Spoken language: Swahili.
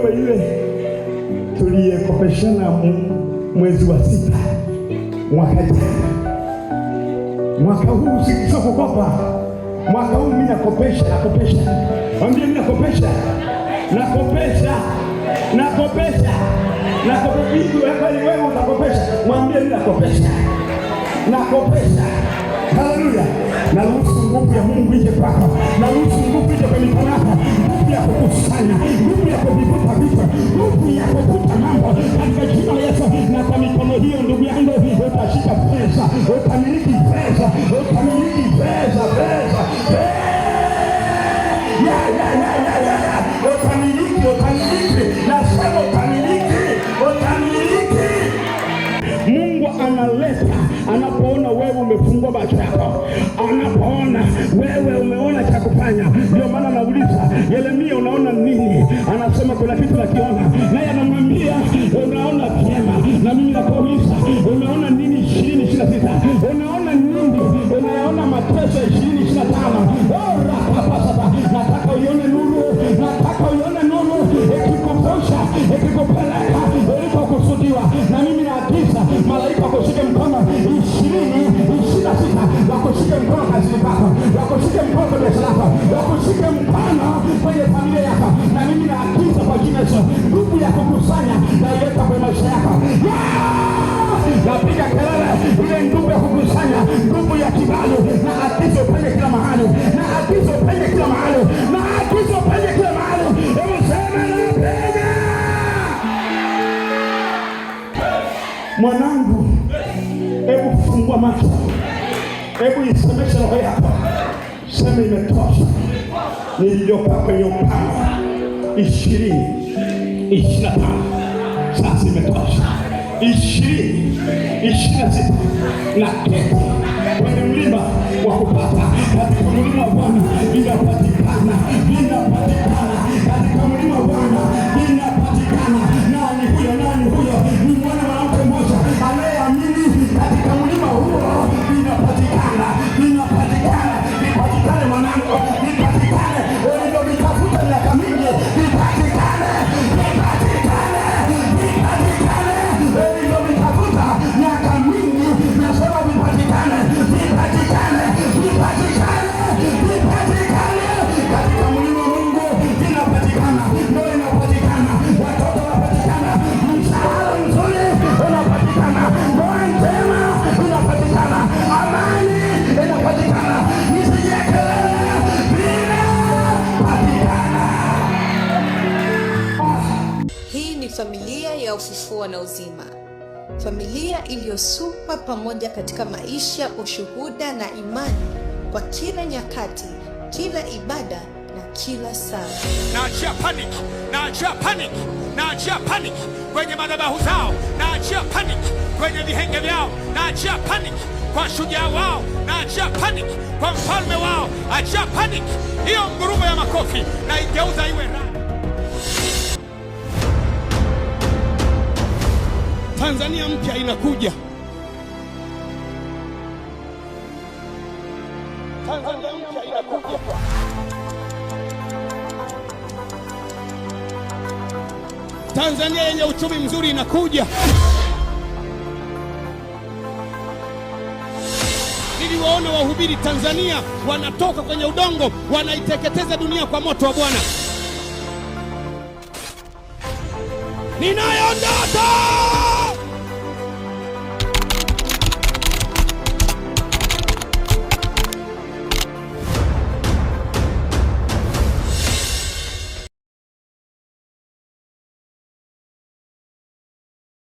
wewe yule tuliyekopeshana mwezi wa sita mwaka jana, mwaka huu sikukopa. Mwaka huu mimi nakopesha, nakopesha, mwambie mimi nakopesha, nakopesha, nakopesha, wewe utakopesha, mwambie mimi nakopesha, nakopesha. Haleluya! Naruhusu nguvu ya Mungu ije kwako, naruhusu nguvu ije kwa mikono yako ya kukusanya, nguvu ya kuvivuta vitu, nguvu ya kuvuta mambo katika jina la Yesu. Na kwa mikono hiyo, ndugu yangu, utashika pesa, utamiliki pesa, utamiliki pesa, pesa, Mungu analeta anapoona wewe umefungua macho yako, anapoona wewe umeona cha kufanya, ndio maana kuna kitu nakiona, naye anamwambia unaona vyema, na mimi nakuuliza unaona nini? ishirini ishirini na sita unaona nini? unaona mateso ishirini ishirini na tano orakapasata nataka uione nuru, nataka uione nuru ikikupusha ikikupeleka ulikokusudiwa, na mimi naagiza malaika kushike mkono ishirini ishirini na sita wakushike mkono kazini pako, wakushike mkono kwa biashara yako, wakushike mkono kwenye familia yako, na mimi naagiza kwinginezo. Nguvu ya kukusanya naileta kwa maisha yako, napiga kelele ile nguvu ya kukusanya, nguvu ya kibali na agizo penye kila mahali, na agizo penye kila mahali, na agizo penye kila mahali, useme napenya mwanangu, hebu fungua macho, hebu isemeshe roho yako, sema imetosha niliyokaa kwenye upanga ishirini ishirini na tano sasa imetosha, ishirini ishirini na sita na keti kwenye mlima wa kupata kwenye mlima wa Bwana ufufuo na uzima. Familia iliyosukwa pamoja katika maisha, ushuhuda na imani, kwa kila nyakati, kila ibada na kila saa. Naachia panic, naachia panic, naachia panic kwenye madhabahu zao, naachia panic kwenye vihenge vyao, naachia panic kwa shujaa wao, naachia panic kwa mfalme wao. Achia panic hiyo ngurumo ya makofi na iwe Tanzania mpya inakuja. Tanzania mpya inakuja. Tanzania yenye uchumi mzuri inakuja. Niliwaona wahubiri Tanzania wanatoka kwenye udongo, wanaiteketeza dunia kwa moto wa Bwana. Ninayo ndoto